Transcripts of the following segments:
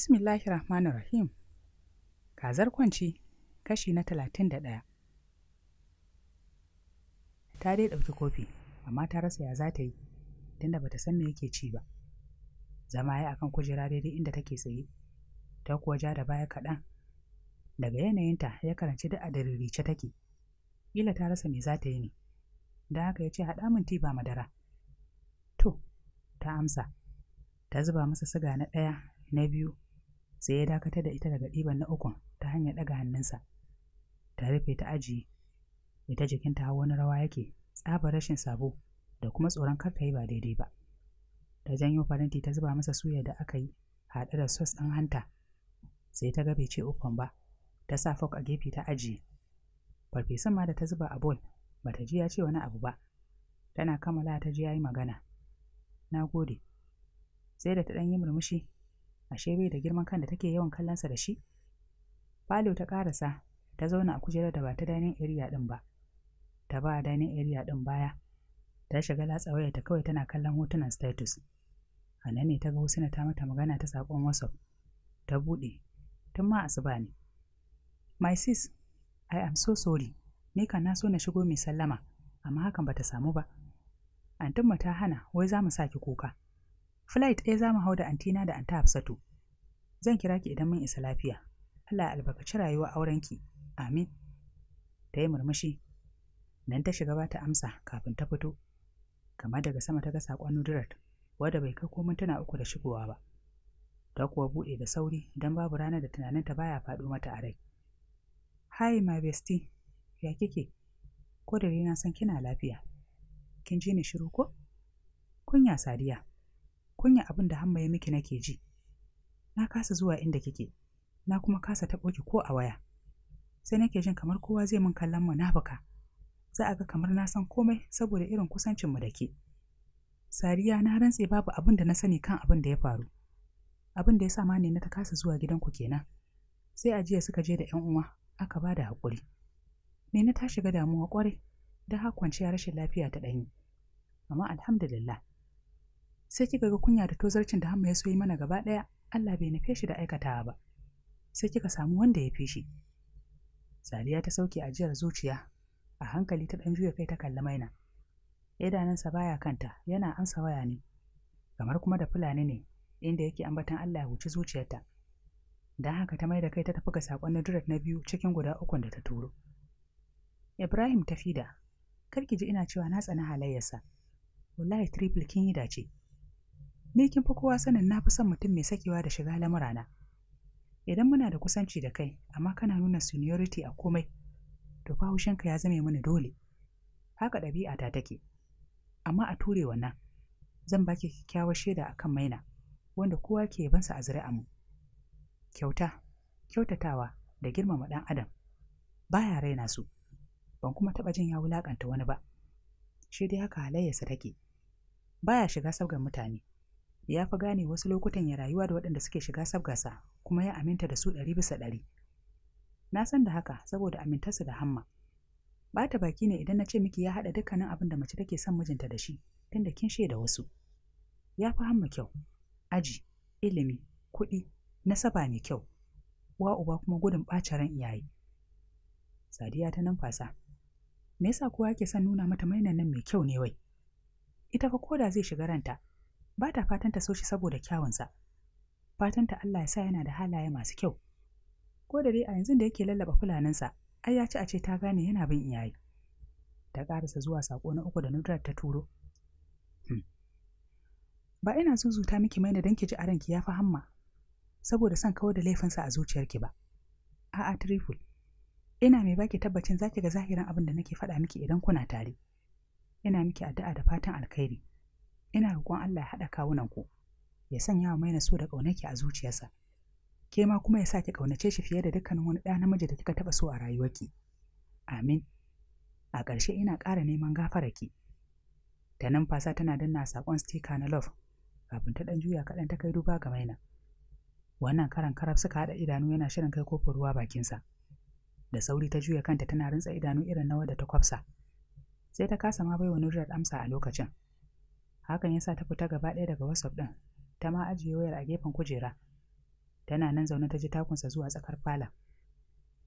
Bismillahi Rahmanir Rahim. Kazar kwanci kashi na talatin da ɗaya. Ta dai ɗauki kofi, amma ta rasa ya za ta yi, tunda bata san me yake ci ba. Zama ya akan kujera daidai inda take tsaye, ta kuwa ja da baya kaɗan. Daga yanayinta ya karanci da a daririce take. Ila ta rasa me za ta yi ne, don haka ya ce haɗa min ba madara. To, ta amsa, ta zuba masa siga na ɗaya, na biyu, sai ya dakatar da ita daga ɗiban na ukun ta hanyar ɗaga hannunsa ta rufe ta ajiye ita jikinta hawa wani rawa yake tsabar rashin sabo da kuma tsoron kar ta yi ba daidai ba ta janyo faranti ta zuba masa suya da aka yi haɗe da sos ɗin hanta sai ta ga bai ce ukun ba ta sa fok a gefe ta ajiye farfesan ma da ta zuba a bol ba ta ji ya ce wani abu ba tana kammala ta ji ya yi magana na gode sai da ta ɗan yi murmushi ashe bai da girman kan da take yawan sa da shi falo ta karasa ta zauna a kujerar da ba ta dining area din ba ta ba dining area din baya ta shiga latsa ta kawai tana kallon hotunan status a nan ne ta ga Husna ta mata magana ta sakon WhatsApp ta buɗe tun ma asuba ne my sis i am so sorry ni kan na so na shigo mai sallama amma hakan bata samu ba antinmu ta hana wai za mu saki kuka Flight ɗaya za mu hau da antina da anta Hafsatu. Zan kira ki idan mun isa lafiya. Allah albarkaci rayuwa ki, Amin. Ta yi murmushi. Nan ta shiga ba ta amsa kafin ta fito. Kama daga sama ta ga saƙon Nudirat, wadda bai kai ko mintuna uku da shigowa ba. Ta kuwa buɗe da sauri don babu ranar da tunaninta baya faɗo mata a rai. Hi my bestie, ya kike? Ko da na san kina lafiya. Kin ji ni shiru ko? Kunya Sadiya. kunya abin da hamma ya miki nake ji na kasa zuwa inda kike na kuma kasa taɓo ki ko a waya sai nake jin kamar kowa zai min kallon mu munafuka za a ga kamar na san komai saboda irin kusancinmu da ke sariya na rantse babu abin da na sani kan abin da ya faru abin da ya sa mani na ta kasa zuwa gidanku kenan sai a jiya suka je da yan uwa aka ba da haƙuri ne na ta shiga damuwa ƙwarai don har kwanciya rashin lafiya ta ɗanyi amma alhamdulillah sai kika ga kunya da tozarcin da hamma ya so yi mana gaba ɗaya Allah bai nufe shi da aikatawa ba sai kika samu wanda ya fi shi Saliya ta sauke ajiyar zuciya a hankali ta ɗan juya kai ta kalli maina idanunsa baya kanta yana ansa waya ne kamar kuma da fulani ne inda yake ambatan Allah ya huci zuciyarta dan haka ta maida kai ta tafi ga saƙon Nadirat na biyu cikin guda ukun da ta turo Ibrahim ta fida kar ki ji ina cewa na tsani halayyarsa wallahi triple kin yi dace Ni kin fi kowa sanin na fi son mutum mai sakewa da shiga lamurana. Idan muna da kusanci da kai, amma kana nuna seniority a komai, to fa ya zame mini dole. Haka ɗabi'a ta take. Amma a ture wannan, zan baki kyakkyawar shaida a kan maina, wanda kowa ke yabansa a zuri'a mu. Kyauta, kyautatawa da girmama ɗan adam, baya raina su, ban kuma taɓa jin ya wulaƙanta wani ba. Shi dai haka halayyarsa take, baya shiga sabgar mutane, ya fi gane wasu lokutan ya rayuwa da waɗanda suke shiga sabgasa kuma ya aminta da su ɗari bisa ɗari. Na san da haka saboda amintarsa da hamma. Ba ta baki ne idan na ce miki ya haɗa dukkanin abin da mace take son mijinta da shi, tunda kin shaida wasu. Ya fi hamma kyau, aji, ilimi, kuɗi, nasaba mai kyau, uwa uba kuma gudun ɓacin ran iyaye. Sadiya ta numfasa. Me yasa kowa yake son nuna mata mainan nan mai kyau ne wai? Ita fa ko da zai shiga ranta, ba ta fatan ta so shi saboda kyawunsa fatan ta Allah ya sa yana da halaye masu kyau ko da dai a yanzu da yake lallaba fulaninsa ai ya ci a ce ta gane yana bin iyaye ta karasa zuwa sako na uku da Nudrat ta turo hmm. ba ina zuzuta miki mai da danki ji a ranki ya fi hamma saboda son kawo da laifinsa a zuciyarki ba a'a triful ina mai baki tabbacin zaki ga zahirin abin da nake faɗa miki idan kuna tare ina miki addu'a da fatan alkhairi ina roƙon Allah ya haɗa kawunan ku ya sanya wa maina so da ƙaunaki a zuciyarsa ke ma kuma ya sa ki ƙaunace shi fiye da dukkanin wani ɗa namiji da kika taɓa so a rayuwarki amin a ƙarshe ina ƙara neman gafararki ta numfasa tana danna saƙon stika na love kafin ta ɗan juya kaɗan ta kai duba ga maina wannan karan karaf suka haɗa idanu yana shirin kai kofin ruwa bakinsa da sauri ta juya kanta tana rintsa idanu irin na wadda ta kwafsa sai ta kasa ma baiwa Nurrat amsa a lokacin hakan yasa ta fita gaba ɗaya daga whatsapp ɗin ta ma ajiye wayar a gefen kujera tana nan zaune ta ji takunsa zuwa tsakar fala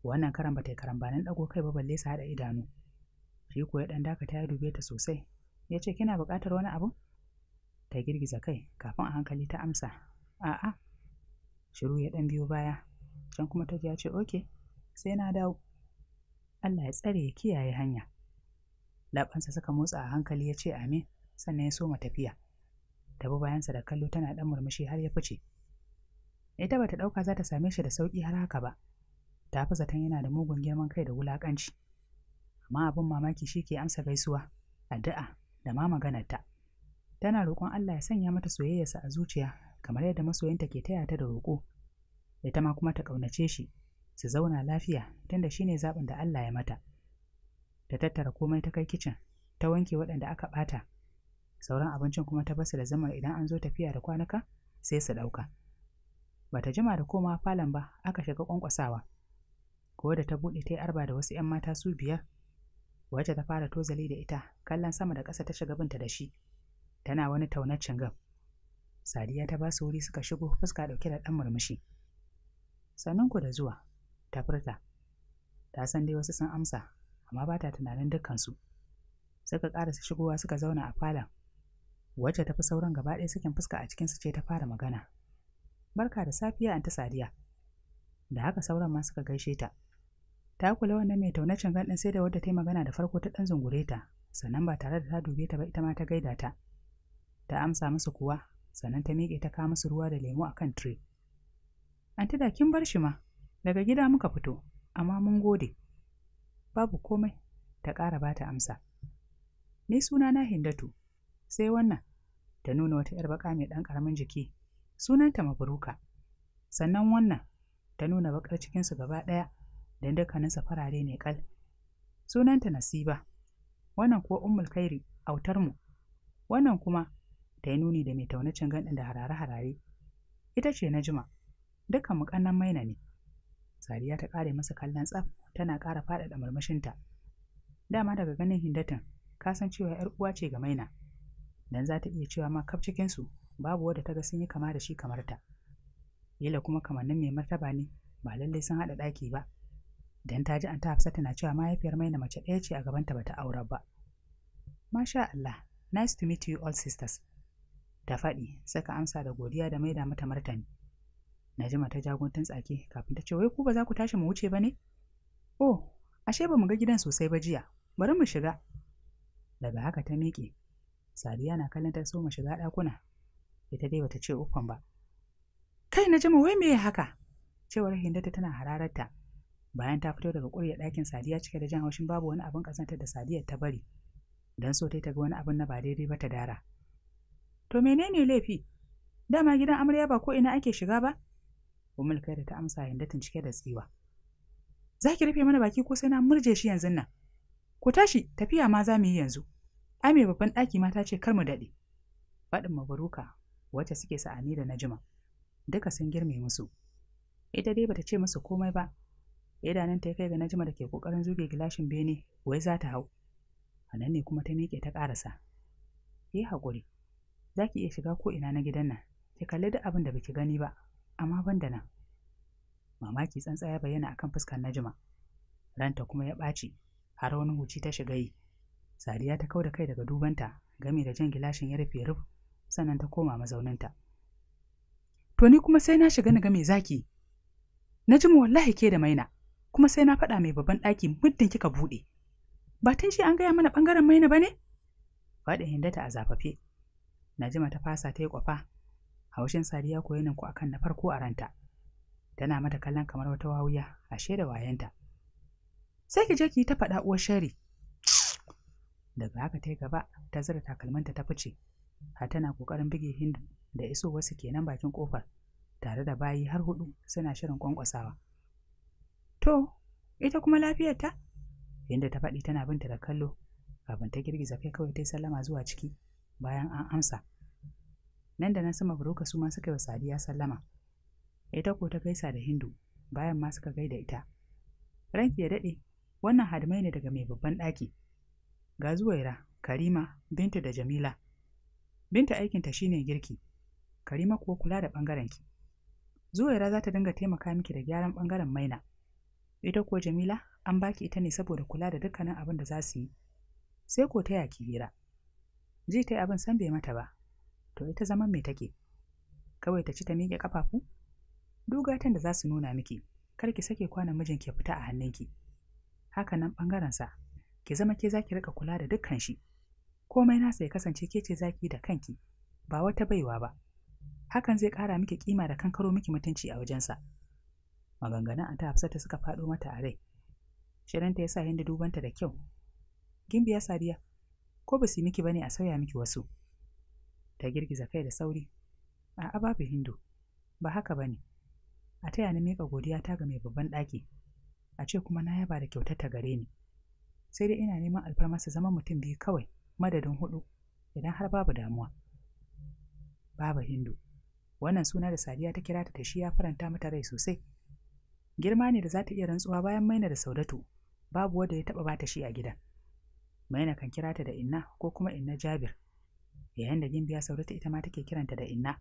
wannan karan bata yi nan ɗago kai ba balle sa haɗa idanu shi ko ya ɗan dakata ya dube ta sosai ya ce kina buƙatar wani abu ta girgiza kai kafin a hankali ta amsa a'a shiru ya ɗan biyo baya can kuma ta ya ce oke sai na dawo Allah ya tsare ya kiyaye hanya laɓansa suka motsa a hankali ya ce amin sannan ya soma tafiya ta bayansa da kallo tana ɗan murmushi har ya fice ita bata ɗauka za ta same shi da sauƙi har haka ba ta fi zaton yana da mugun girman kai da wulaƙanci amma abin mamaki shi ke amsa gaisuwa addu'a da ma maganarta tana roƙon Allah ya sanya mata soyayyarsa a zuciya kamar yadda masoyinta ke taya ta da roƙo ita ma kuma ta ƙaunace shi su zauna lafiya tunda ne zaɓin da Allah ya mata ta tattara komai ta kai kicin ta wanke waɗanda aka ɓata sauran abincin kuma ta basu da zama idan an zo tafiya da kwanuka sai su ɗauka ba ta jima da koma falon ba aka shiga kwankwasawa ko da ta buɗe ta yi arba da wasu 'yan mata su biyar wacce ta fara tozali da ita kallon sama da ƙasa ta shiga binta da shi tana wani taunaccin gab sadiya ta basu wuri suka shigo fuska ɗauke da ɗan murmushi sannan ku da zuwa ta furta ta san dai wasu sun amsa amma ba ta tunanin dukkansu suka ƙarasa shigowa suka zauna a falon wacce ta fi sauran gaba ɗaya sakin fuska a cikinsu ce ta fara magana barka da safiya anta sadiya da haka sauran ma suka gaishe ta ta kula wannan mai taunacin gan ɗin sai da wadda ta yi magana da farko ta ɗan zungure ta sannan ba tare da ta dube ta ba ita ma ta gaida ta ta amsa musu kuwa sannan ta miƙe ta kawo musu ruwa da a kan tire anti da kin bar shi ma daga gida muka fito amma mun gode babu komai ta ƙara ba ta amsa ni suna na hindatu sai wannan ta nuna wata 'yar baka mai ɗan ƙaramin jiki sunanta maburuka sannan wannan ta nuna bakar cikinsu gaba ɗaya da dukkaninsa farare ne kal sunanta nasiba wannan kuwa ummul kairi autar mu wannan kuma ta yi nuni da mai taunacin gandun da harare-harare ita ce na jima dukkan mu kannan maina ne sariya ta kare masa kallon tsaf tana ƙara faɗaɗa murmushinta dama daga ganin hindatan ka san cewa 'yar uwa ce ga maina dan za ta iya cewa ma kaf cikinsu babu wadda ta ga sun yi kama da shi kamar ta kila kuma kamannin mai martaba ne ba lallai sun haɗa ɗaki ba dan ta ji an ta hafsa tana cewa mahaifiyar maina mace ɗaya ce a gabanta bata aura ba masha Allah nice to meet you all sisters ta faɗi saka amsa da godiya da maida mata martani Najima ta jaguntun tsake kafin ta ce wai ku ba za ku tashi mu wuce ba ne? Oh, ashe ba mu ga gidan sosai ba jiya, bari mu shiga. Daga haka ta miƙe, Sadiya na kallon ta so mu shiga ɗakuna. Ita dai bata ce ukun ba. Kai na jima wai me haka? Cewar Hindata tana hararta. Bayan ta fito daga ƙuryar ɗakin Sadiya cike da jan haushin babu wani abin ƙazantar da Sadiya ta bari. Dan so ta ga wani abin na ba daidai ba ta dara. To menene laifi? Dama gidan amarya ba ko ina ake shiga ba? Umul kai da ta amsa Hindatin cike da tsiwa. Za ki rufe mana baki ko sai na murje shi yanzu nan. Ku tashi tafiya ma za mu yi yanzu. ai mai babban ɗaki mata ce kar mu daɗe faɗin mabaruka wacce suke sa sa'ani da najima duka sun girme musu ita dai bata ce musu komai ba idanun ta kai ga najima da ke kokarin zuge gilashin bene wai za ta hau a nan ne kuma ta miƙe ta ƙarasa yi haƙuri za ki iya shiga ko ina na gidan nan ki kalli duk abin da baki gani ba amma ban da nan mamaki tsantsaya bayyana akan fuskar najima ranta kuma ya ɓaci har wani huci ta shiga yi Sadiya ta kau da kai daga dubanta game da jan gilashin ya rufe ruf sannan ta koma mazauninta. To ni kuma sai na shiga na ga zaki. Na ji mu wallahi ke da maina, kuma sai na faɗa mai babban ɗaki muddin kika buɗe. Ba tun shi an gaya mana ɓangaren maina ba ne? Faɗin hindata a zafafe. Najima ta fasa ta yi kwafa. Haushin Sadiya ko yanin ku akan na farko a ranta. Tana mata kallon kamar wata wawuya, ashe da wayanta. Sai ki je ki yi ta faɗa uwar shari, daga haka ta gaba ta zira takalminta ta fice har tana kokarin buge hindu da iso wasu kenan bakin kofar tare da bayi har hudu suna shirin kwankwasawa to ita kuma lafiyarta inda ta faɗi tana binta da kallo kafin ta girgiza kai kawai ta yi sallama zuwa ciki bayan an amsa nan da nan sama buroka su ma suka yi wa sadiya sallama ita ko ta gaisa da hindu bayan ma suka gaida ita ranki ya daɗe wannan hadimai ne daga mai babban ɗaki ga zuwaira karima binta da jamila binta aikinta shine girki karima kuwa kula da ɓangarenki zuwaira za ta dinga taimaka miki da gyaran ɓangaren maina ita kuwa jamila an baki ita ne saboda kula da dukkanin abin da za su yi sai ko ta yaki hira ji ta abin san bai mata ba to ita zaman me take kawai ta ci ta miƙe ƙafafu dugatan da za su nuna miki kar ki sake kwana mijinki ya fita a hannunki haka nan sa ki zama ke zaki rika kula da dukkan shi komai na ya kasance ke ce zaki da kanki ba wata baiwa ba hakan zai ƙara miki kima da kankaro miki mutunci a wajensa maganganun anta hafsata suka faɗo mata a rai shirinta ya sa hindu dubanta da kyau gimbiya sariya. ko ba su miki bane a sauya miki wasu ta girgiza kai da sauri a'a babu hindu ba haka bane a taya ni mika godiya ta ga mai babban ɗaki a ce kuma na yaba da kyautar ta gare ni sai dai ina neman alfarma su zama mutum biyu kawai madadin hudu idan har babu damuwa Baba Hindu wannan suna da Sadiya ta kira ta shi ya faranta mata rai sosai girma ne da za ta iya rantsuwa bayan maina da saudatu babu wanda ya taba bata shi a gidan maina kan kira ta da inna ko kuma inna jabir yayin da gimbiya saudatu ita ma take kiranta da inna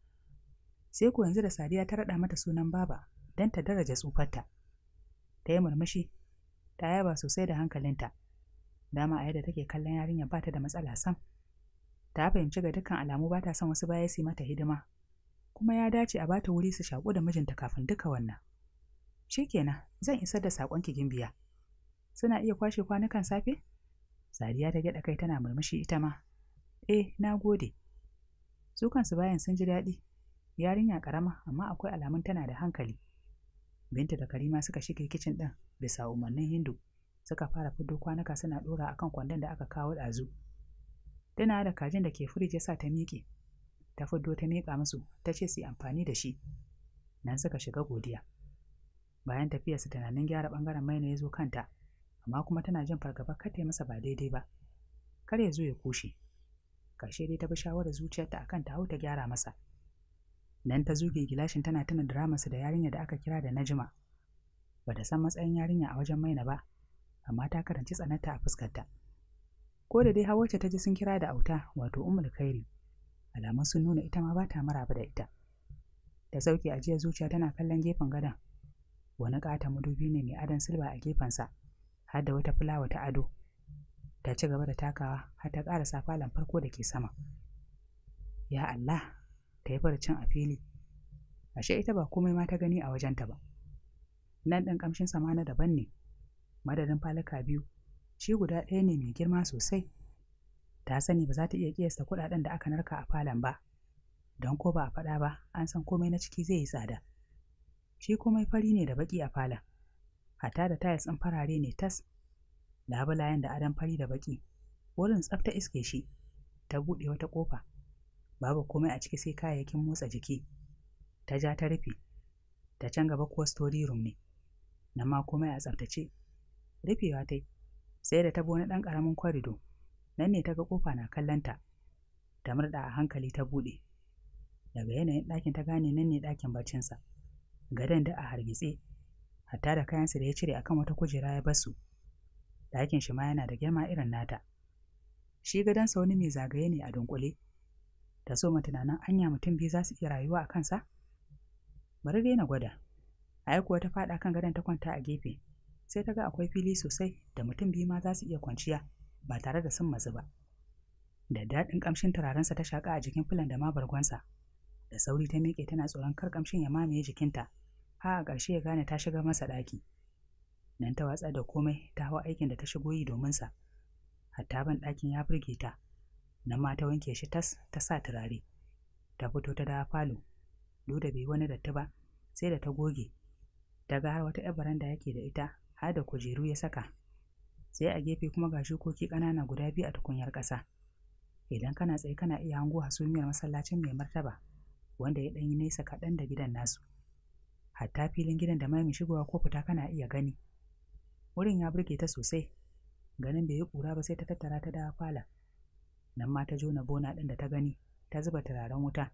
sai ko yanzu da sadiya ta raɗa mata sunan baba don ta daraja tsufarta ta yi murmushi ta yaba sosai da hankalinta dama a yadda take kallon yarinyar ba ta da matsala sam ta fahimci ga dukkan alamu ba ta son wasu baya su mata hidima kuma ya dace a bata wuri su shaƙu da mijinta kafin duka wannan shikenan zan isar da saƙon ki biya. suna iya kwashe kwanukan safe sadiya ta gyaɗa kai tana murmushi ita ma eh na gode su kansu bayan sun ji daɗi yarinya ƙarama amma akwai alamun tana da hankali binta da karima suka shige kicin ɗin bisa umarnin hindu suka fara fiddo kwanuka suna dora akan kwandon da aka kawo ɗazu. Tana da kajin da ke firij ya sa ta miƙe, ta fiddo ta miƙa musu ta ce su amfani da shi. Nan suka shiga godiya. Bayan su tunanin gyara ɓangaren maina ya zo kanta, amma kuma tana jin fargaba kar ta masa ba daidai ba. Kar ya zo ya kushe. Karshe dai ta bi shawarar zuciyarta akan ta hau ta gyara masa. Nan ta zuge gilashin tana tuna dramarsa da yarinya da aka kira da Najma. Ba ta san matsayin yarinya a wajen maina ba, amma ta karanci tsananta a fuskarta ko da dai hawarta ta ji sun kira da auta wato Umar khairi alamun sun nuna ita ma ba ta maraba da ita da sauki ajiyar zuciya tana kallon gefen gadon wani ƙata madubi ne mai adon silba a gefensa har da wata fulawa ta ado ta ci gaba da takawa har ta ƙarasa falon farko da ke sama ya allah ta yi cin a fili ashe ita ba komai ma ta gani a wajenta ba nan ɗin ƙamshin sama na daban ne madadin falaka biyu shi guda ɗaya ne mai girma sosai ta sani ba za ta iya kiyasta kuɗaɗen da aka narka a falon ba don ko ba a faɗa ba an san komai na ciki zai yi tsada shi komai fari ne da baƙi a falon hatta da tayas ɗin farare ne tas labulayen da adon fari da baƙi wurin tsafta iske shi ta buɗe wata ƙofa babu komai a ciki sai kayayyakin motsa jiki ta ja ta rufe ta can gaba kuwa story room ne nan ma komai a tsaftace rufewa ta yi. sai da ta bi ɗan ƙaramin kwarido nan ne ta ga ƙofa na kallonta ta murɗa a hankali ta buɗe daga yanayin ɗakin ta gane nan ne ɗakin barcinsa gadon da a hargitse hatta da kayansa da ya cire akan wata kujera ya basu ɗakin shi ma yana da girma irin nata shi gadonsa wani mai zagaye ne a dunkule ta so tunanin anya mutum biyu za su iya rayuwa a kansa bari dai na gwada ai kuwa ta faɗa kan gadon ta kwanta a gefe sai ta ga akwai fili sosai da mutum biyu ma za su iya kwanciya ba tare da sun mazu ba da daɗin ƙamshin turarensa ta shaƙa a jikin filan da ma bargonsa da sauri ta miƙe tana tsoron kar ƙamshin ya mamaye jikinta har a ƙarshe ya gane ta shiga masa ɗaki nan ta watsa da komai ta hau aikin da ta shigo yi domin sa hatta ban ɗakin ya burge ta nan ma ta wanke shi tas ta sa turare ta fito ta dawo falo duk da bai wani datti ba sai da ta goge ta ga har wata 'yar baranda yake da ita har da kujeru ya saka sai a gefe kuma ga shukoki ƙanana guda biyu a tukunyar ƙasa idan kana tsaye kana iya hango hasumiyar masallacin mai martaba wanda ya ɗan yi nesa kaɗan da gidan nasu hatta filin gidan da mai shigowa ko fita kana iya gani wurin ya burge ta sosai ganin bai yi ƙura ba sai ta tattara ta da fala nan ma ta jona bona ɗin da ta gani ta zuba turaren wuta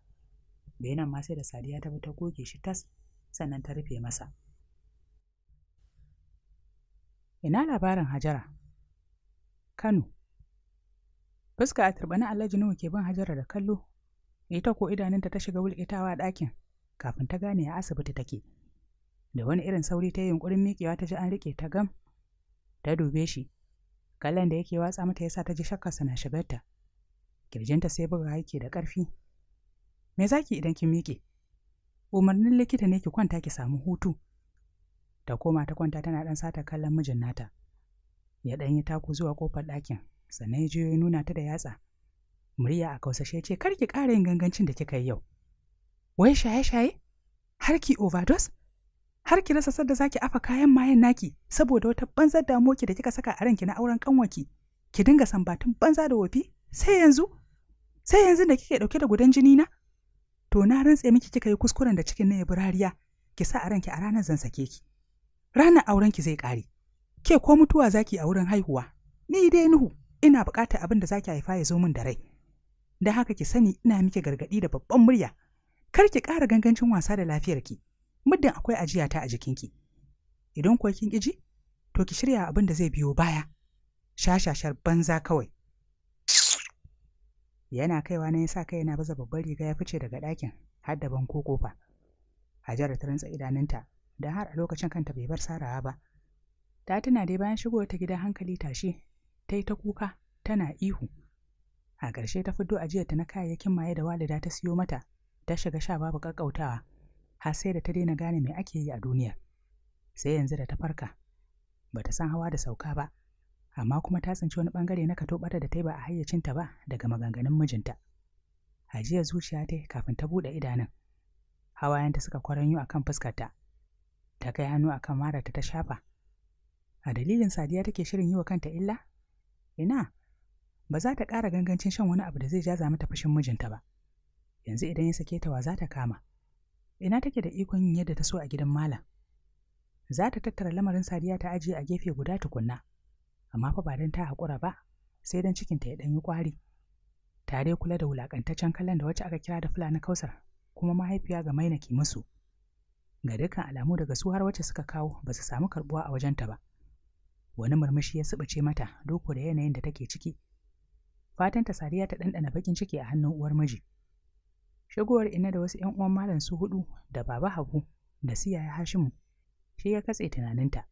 bai ma sai da sadiya ta bi ta goge shi tas sannan ta rufe masa ina labarin Hajara? Kano. Fuska a turɓani Alhaji Nuhu ke bin Hajara da kallo, ita ko idanunta ta shiga wulƙitawa ɗakin kafin ta gane a asibiti take. Da wani irin sauri ta yi yunƙurin miƙewa ta ji an riƙe ta gam, ta dube shi, kallon da yake watsa mata ya sa ta ji shakkarsa na shigarta. Kirjinta sai buga yake da ƙarfi. Me zaki idan ki miƙe? Umarnin likita ne ki kwanta ki samu hutu. ta koma ta kwanta tana ɗan sata kallon mijin nata ya ɗan yi taku zuwa ƙofar ɗakin sannan ya je ya nuna ta da yatsa murya a kausashe ce kar ki ƙara yin gangancin da kika yi yau wai shaye-shaye har ki overdose har ki rasa sadda zaki afa kayan mayan naki saboda wata banzar damuwarki da kika saka a ranki na auren kanwarki ki dinga sambatun banza da wofi sai yanzu sai yanzu da kike dauke da gudan jini na to na rantse miki kika yi kuskuren da cikin na ya burariya ki sa a ranki a ranar zan sake ki ranar ki zai ƙare ke ko mutuwa zaki a wurin haihuwa ni dai nuhu ina buƙatar abin da zaki haifa ya zo min da rai da haka ki sani ina miki gargaɗi da babban murya kar ki ƙara gangancin wasa da lafiyar ki. muddin akwai ajiya ta a jikinki idan kuwa kin ƙiji to ki shirya abin da zai biyo baya shashashar banza kawai yana kaiwa na yasa kai yana baza babbar riga ya fice daga ɗakin har da banko kofa Hajara ta rantsa idanunta da har a lokacin kanta bai bar sarawa ba ta tuna dai bayan shigo ta gida hankali tashi ta yi ta kuka tana ihu a ƙarshe ta fito ajiyarta na kayayyakin maye da walida ta siyo mata ta shiga sha babu ƙaƙƙautawa har sai da ta daina gane me ake yi a duniya sai yanzu da ta farka ba ta san hawa da sauka ba amma kuma ta tsinci wani bangare na bata da ta ba a hayyacinta ba daga maganganun mijinta ajiyar zuciya ta kafin ta buɗe idanun hawayenta suka kwaranyo a kan fuskarta ta kai hannu akan mara ta ta shafa a dalilin sadiya take shirin yi wa kanta illa ina ba za ta ƙara gangancin shan wani abu da zai jaza mata fushin mijinta ba yanzu idan ya sake ta wa za ta kama ina take da ikon yin yadda ta so a gidan malam za ta tattara lamarin sadiya ta ajiye a gefe guda tukunna amma fa ba don ta haƙura ba sai don cikinta ya ɗan yi ƙwari tare kula da wulaƙantaccen kallon da wacce aka kira da fulani kausar kuma mahaifiya ga maina ke musu ga dukkan alamu daga su har wacce suka kawo ba su samu karbuwa a wajenta ba wani murmushi ya subuce mata doko da yanayin da take ciki fatanta sariya ta ɗanɗana bakin ciki a hannun uwar miji shigowar ina da wasu 'yan uwan malam su hudu da baba habu da siya ya hashimu shi ya katse tunaninta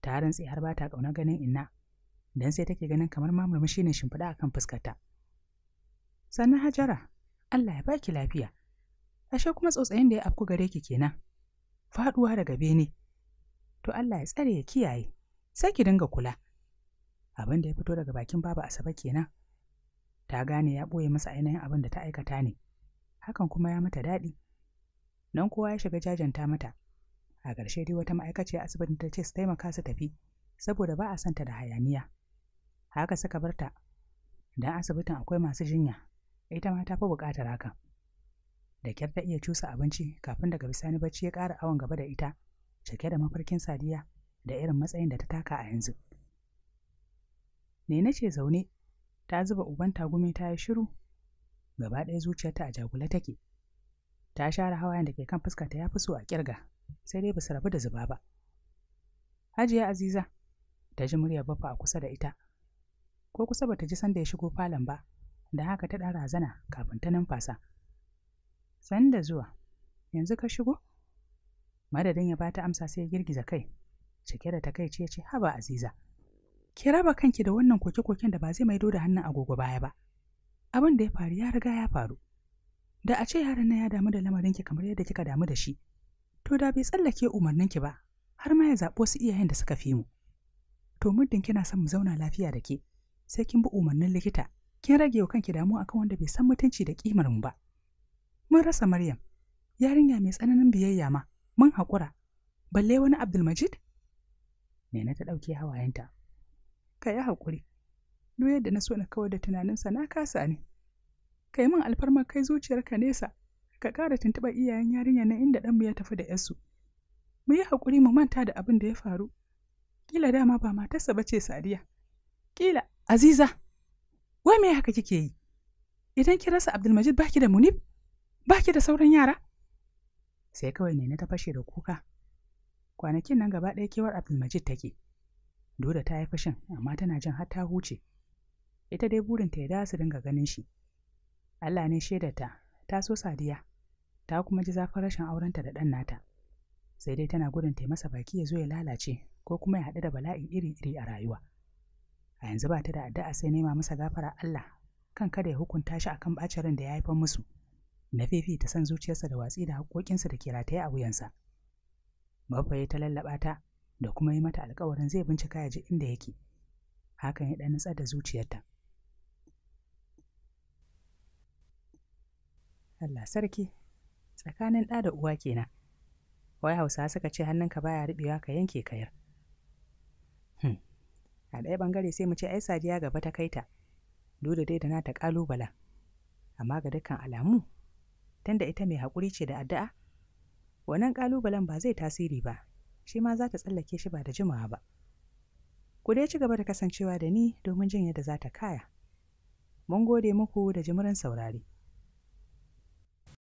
ta rantse har ba ta kauna ganin inna dan sai take ganin kamar ma murmushi ne shimfiɗa akan fuskarta sannan hajara allah ya baki lafiya ashe kuma tsotsayin da ya afku gare ki kenan faduwa daga bene to Allah ya tsare ya kiyaye sai ki dinga kula abin da ya fito daga bakin baba Asabe kenan ta gane ya boye masa ainihin abin da ta aikata ne hakan kuma ya mata daɗi nan kowa ya shiga jajanta mata a ƙarshe dai wata ma'aikaciya asibitin ta ce su taimaka su tafi saboda ba a santa da hayaniya haka suka barta dan asibitin akwai masu jinya ita ma ta fi bukatar hakan da kyar ta iya cusa abinci kafin daga bisani bacci ya ƙara awon gaba da ita cike da mafarkin sadiya da irin matsayin da ta taka a yanzu ne ce zaune ta zuba uban tagumi ta yi shiru gaba ɗaya zuciyarta a jagula take ta share hawayen da ke kan fuska ta ya fi so a kirga sai dai ba su rabu da zuba ba hajiya aziza ta ji murya bafa a kusa da ita ko kusa bata ji sanda ya shigo falon ba da haka ta ɗan razana kafin ta numfasa sanda zuwa, yanzu ka shigo? Madadin ya bata amsa sai ya girgiza kai, cike da takaici ya ce haba Aziza. Ki raba kanki da wannan koke-koken da ba zai maido da hannun agogo baya ba. Abin da ya faru ya riga ya faru. Da a ce yaron nan ya damu da lamarin ki kamar yadda kika damu da shi, to da bai tsallake umarninki ba, har ma ya zaɓi wasu iyayen da suka fi mu. To muddin kina son mu zauna lafiya da ke, sai kin bi umarnin likita, kin rage wa kanki damuwa akan wanda bai san mutunci da kimar mu ba. mun rasa Maryam, yarinya mai tsananin biyayya ma, mun haƙura, balle wani Abdulmajid? Nena ta ɗauke hawayenta. Ka yi haƙuri, duk yadda na so na kawar da tunaninsa na kasa ne. Ka yi min alfarmar kai zuciyarka nesa, ka ƙara tuntuɓa iyayen yarinya na inda ɗanmu ya tafi da ‘yarsu. Mu yi haƙuri mu manta da abin da ya faru. Ƙila dama ba matarsa ba ce Sadiya. Ƙila. Aziza, wai me haka kike yi? Idan ki rasa Abdulmajid baki da Munib? ba ki da sauran yara sai kawai ne na ta fashe da kuka kwanakin nan gaba ɗaya kewar abdulmajid take Duda ta yi fashin amma tana jin har ta huce ita dai burinta ya dawo su dinga ganin shi allah ne shaidarta ta so sadiya ta kuma ji zafin rashin auren ta da ɗan nata sai dai tana gudun ta masa baki ya zo ya lalace ko kuma ya haɗu da bala'i iri-iri a rayuwa a yanzu ba ta da addu'a sai nema masa gafara allah kan kada ya hukunta shi akan bacin da ya haifar musu na fifi ta san zuciyarsa da watsi da haƙoƙinsa da ke rataye a wuyansa. babba ya ta lallaɓa ta da kuma yi mata alƙawarin zai bincika ya ji inda yake. Hakan ya ɗan nutsar da zuciyarta. Allah sarki, tsakanin ɗa da uwa kenan. Wai Hausa suka ce hannunka baya ruɓewa ka yanke kayar. Hmm. A ɗaya ɓangare sai mu ce ai Sadiya gaba ta kaita, duk da dai da ta ƙalubala. Amma ga dukkan alamu tunda ita mai haƙuri ce da addu'a wannan ƙalubalen ba zai tasiri ba shi ma za ta tsallake shi ba da jimawa ba ku dai ci gaba da kasancewa da ni domin jin yadda za ta kaya mun gode muku da jimirin saurari